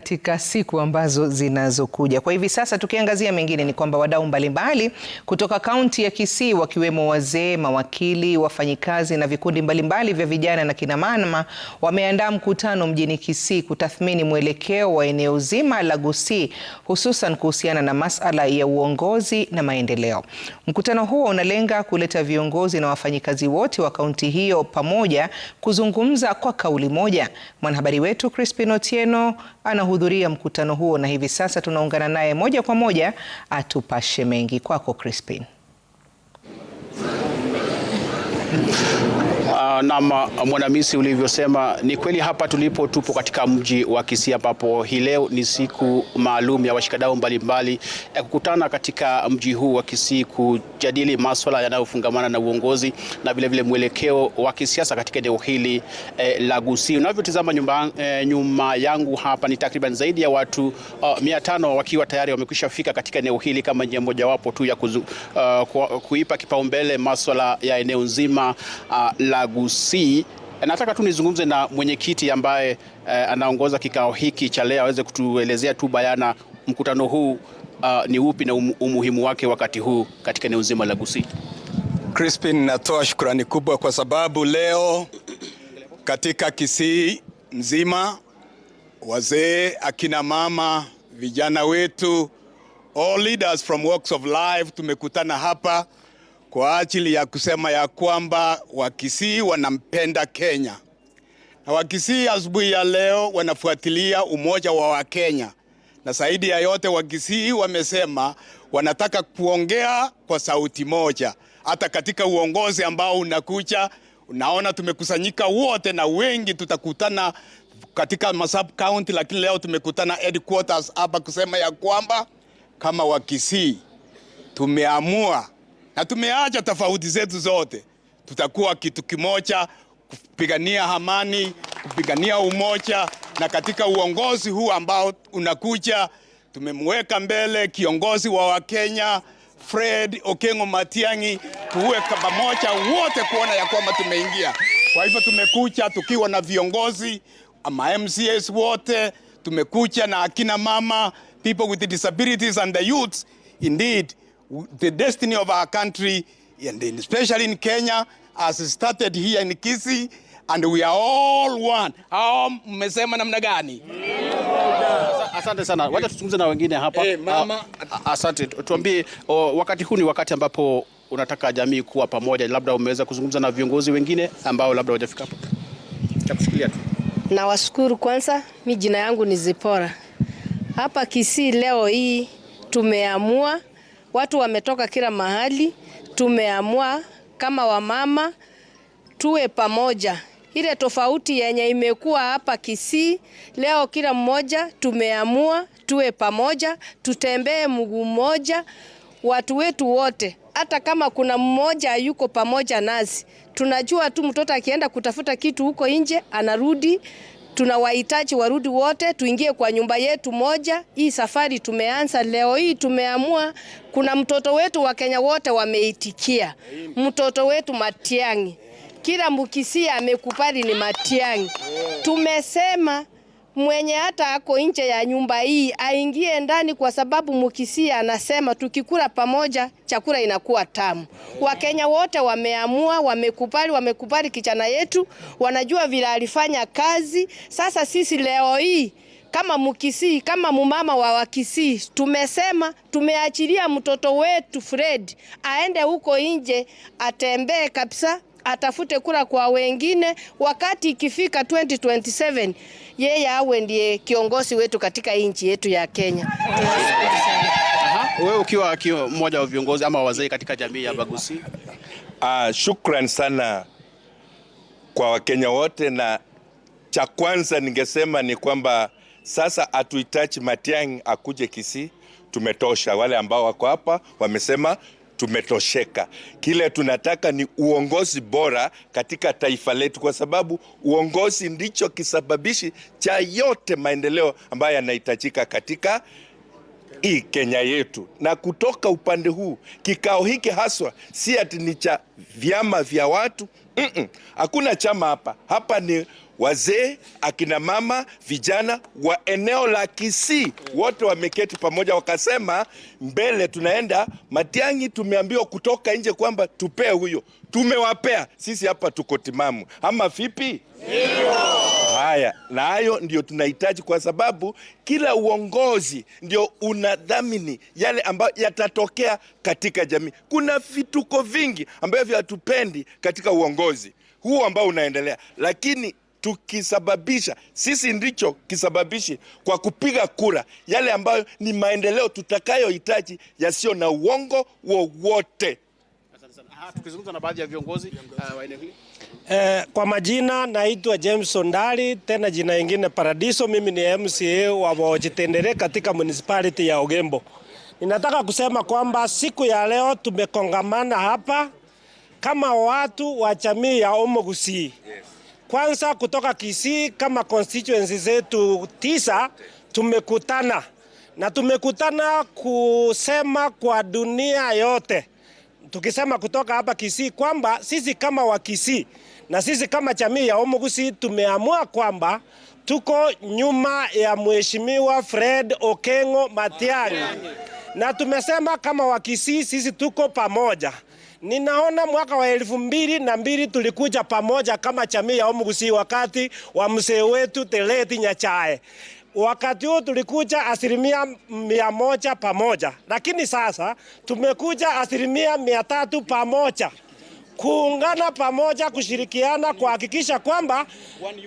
katika siku ambazo zinazokuja. Kwa hivi sasa tukiangazia mengine ni kwamba wadau mbalimbali kutoka kaunti ya Kisii wakiwemo wazee, mawakili, wafanyikazi na vikundi mbalimbali vya vijana na kina mama wameandaa mkutano mjini Kisii kutathmini mwelekeo wa eneo zima la Gusii hususan kuhusiana na masala ya uongozi na maendeleo. Mkutano huo unalenga kuleta viongozi na wafanyikazi wote wa kaunti hiyo pamoja kuzungumza kwa kauli moja. Mwanahabari wetu Crispin Otieno ana anahudhuria mkutano huo, na hivi sasa tunaungana naye moja kwa moja atupashe mengi. Kwako Crispin uh, ah, nama ah, Mwanamisi ulivyosema ni kweli, hapa tulipo tupo katika mji wa Kisii ambapo hii leo ni siku maalum ya washikadau mbalimbali ya eh, kukutana katika mji huu wa Kisii kujadili masuala yanayofungamana na uongozi na vilevile mwelekeo wa kisiasa katika eneo hili eh, la Gusii. Unavyotizama nyuma, eh, nyuma yangu hapa ni takriban zaidi ya watu uh, mia tano wakiwa tayari wamekwisha fika katika eneo hili kama njia mojawapo tu ya kuzu, uh, kuipa kipaumbele masuala ya eneo nzima uh, la hagusii. Nataka tu nizungumze na mwenyekiti ambaye eh, anaongoza kikao hiki cha leo aweze kutuelezea tu bayana mkutano huu uh, ni upi na um, umuhimu wake wakati huu katika eneo zima la Gusii. Crispin, natoa shukrani kubwa kwa sababu leo katika Kisii mzima wazee, akina mama, vijana wetu, all leaders from walks of life tumekutana hapa kwa ajili ya kusema ya kwamba Wakisii wanampenda Kenya na Wakisii asubuhi ya leo wanafuatilia umoja wa Wakenya, na zaidi ya yote Wakisii wamesema wanataka kuongea kwa sauti moja. Hata katika uongozi ambao unakuja, unaona tumekusanyika wote na wengi tutakutana katika Masab County, lakini leo tumekutana headquarters hapa kusema ya kwamba kama Wakisii tumeamua na tumeacha tofauti zetu zote, tutakuwa kitu kimoja kupigania amani, kupigania umoja. Na katika uongozi huu ambao unakuja, tumemweka mbele kiongozi wa Wakenya Fred Okengo Matiang'i, tuwe pamoja wote kuona ya kwamba tumeingia. Kwa hivyo tumekuja tukiwa na viongozi ama MCS wote, tumekuja na akina mama, people with disabilities and the youth. Indeed, the destiny of our country, and especially in Kenya, has started here in Kisii, and we are all one. Hao mmesema namna gani? Asante sana, wacha tuzungumze na wengine hapa. Hey, eh, mama. Ah, ah, ah, asante, tuambie wakati huu ni wakati ambapo unataka jamii kuwa pamoja, labda umeweza kuzungumza na viongozi wengine ambao labda hawajafika hapo. Chakushikilia tu. Na washukuru kwanza, mi jina yangu ni Zipora. Hapa Kisii leo hii tumeamua Watu wametoka kila mahali, tumeamua kama wamama tuwe pamoja. Ile tofauti yenye imekuwa hapa Kisii leo, kila mmoja tumeamua tuwe pamoja, tutembee mguu mmoja, watu wetu wote. Hata kama kuna mmoja yuko pamoja nasi, tunajua tu mtoto akienda kutafuta kitu huko nje anarudi tunawahitaji warudi wote, tuingie kwa nyumba yetu moja. Hii safari tumeanza leo hii, tumeamua kuna mtoto wetu wa Kenya wote wameitikia, mtoto wetu Matiang'i, kila mukisia amekubali ni Matiang'i, tumesema mwenye hata ako nje ya nyumba hii aingie ndani, kwa sababu Mukisia anasema tukikula pamoja chakula inakuwa tamu. Wakenya wote wameamua, wamekubali, wamekubali kijana yetu, wanajua vile alifanya kazi. Sasa sisi leo hii kama Mukisii, kama mumama wa Wakisii, tumesema tumeachilia mtoto wetu Fred aende huko nje atembee kabisa atafute kura kwa wengine, wakati ikifika 2027 yeye awe ndiye kiongozi wetu katika nchi yetu ya Kenya. Wewe ukiwa mmoja wa viongozi ama wazee katika jamii ya Bagusi. Ah, shukran sana kwa Wakenya wote, na cha kwanza ningesema ni kwamba sasa hatuhitaji Matiang'i akuje Kisii, tumetosha. Wale ambao wako hapa wamesema tumetosheka. Kile tunataka ni uongozi bora katika taifa letu, kwa sababu uongozi ndicho kisababishi cha yote maendeleo ambayo yanahitajika katika hii Kenya yetu. Na kutoka upande huu, kikao hiki haswa si ati ni cha vyama vya watu hakuna mm Hakuna chama hapa. Hapa ni wazee, akina mama, vijana wa eneo la Kisii, wote wameketi pamoja, wakasema mbele tunaenda. Matiang'i tumeambiwa kutoka nje kwamba tupee huyo, tumewapea sisi. Hapa tuko timamu ama vipi? haya na hayo ndio tunahitaji, kwa sababu kila uongozi ndio unadhamini yale ambayo yatatokea katika jamii. Kuna vituko vingi ambavyo hatupendi katika uongozi huu ambao unaendelea, lakini tukisababisha sisi ndicho kisababishi kwa kupiga kura yale ambayo ni maendeleo tutakayohitaji yasiyo na uongo wowote. Tukizungumza na baadhi ya viongozi uh, wa eneo hili Eh, kwa majina naitwa James Ondali, tena jina ingine Paradiso. Mimi ni MCA wa Wojitendere katika municipality ya Ogembo. Ninataka kusema kwamba siku ya leo tumekongamana hapa kama watu wa jamii ya Omogusi. Kwanza kutoka Kisii kama constituency zetu tisa tumekutana na tumekutana kusema kwa dunia yote, tukisema kutoka hapa Kisii kwamba sisi kama wa Kisii na sisi kama jamii ya Omugusi tumeamua kwamba tuko nyuma ya mheshimiwa Fred Okengo Matiang'i, na tumesema kama Wakisii sisi tuko pamoja. Ninaona mwaka wa elfu mbili na mbili tulikuja pamoja kama jamii ya Omugusi wakati wa mzee wetu Teleti Nyachae. Wakati huo tulikuja asilimia mia moja pamoja, lakini sasa tumekuja asilimia mia tatu pamoja kuungana pamoja, kushirikiana kuhakikisha kwamba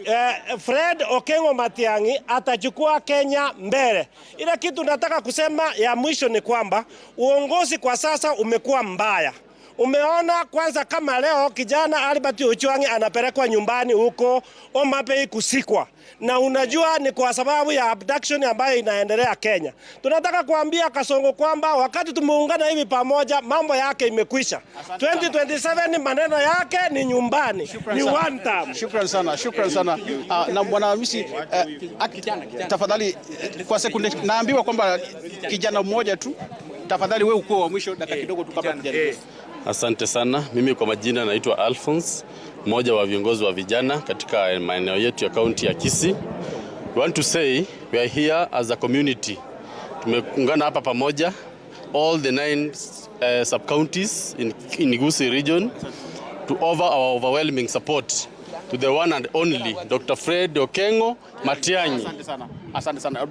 eh, Fred Okengo Matiang'i atachukua Kenya mbele. Ile kitu nataka kusema ya mwisho ni kwamba uongozi kwa sasa umekuwa mbaya. Umeona kwanza, kama leo kijana Albert Ojwang anapelekwa nyumbani huko Omabei kusikwa, na unajua ni kwa sababu ya abduction ambayo inaendelea Kenya. Tunataka kuambia Kasongo kwamba wakati tumeungana hivi pamoja, mambo yake imekwisha. 2027 maneno yake ni nyumbani, shukran ni one time. Shukrani sana, shukrani sana. Uh, na bwana Hamisi uh, tafadhali eh, kwa sekunde, naambiwa kwamba kijana mmoja tu, tafadhali wewe uko wa mwisho, dakika eh, kidogo tu kabla tujaendelea. Asante sana. Mimi kwa majina naitwa Alphonse, mmoja wa viongozi wa vijana katika maeneo yetu ya kaunti ya Kisii. We want to say we are here as a community. Tumeungana hapa pamoja all the nine uh, eh, sub counties in, in Gusii region to offer our overwhelming support to the one and only Dr. Fred Okengo Matiang'i. Asante sana.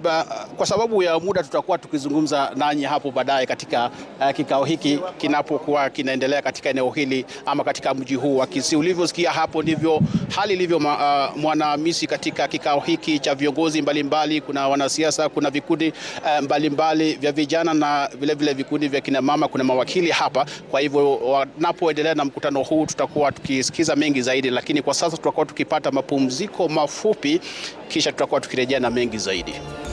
Kwa sababu ya muda, tutakuwa tukizungumza nanyi hapo baadaye katika uh, kikao hiki kinapokuwa kinaendelea katika eneo hili ama katika mji huu wa Kisii. Ulivyosikia hapo, ndivyo hali ilivyo uh, mwanamisi katika kikao hiki cha viongozi mbalimbali. Kuna wanasiasa, kuna vikundi uh, mbalimbali vya vijana na vilevile vikundi vya kinamama, kuna mawakili hapa. Kwa hivyo wanapoendelea na mkutano huu, tutakuwa tukisikiza mengi zaidi, lakini kwa sasa tutakuwa tukipata mapumziko mafupi, kisha tutakuwa tukirejea na mengi zaidi. sayılıyor.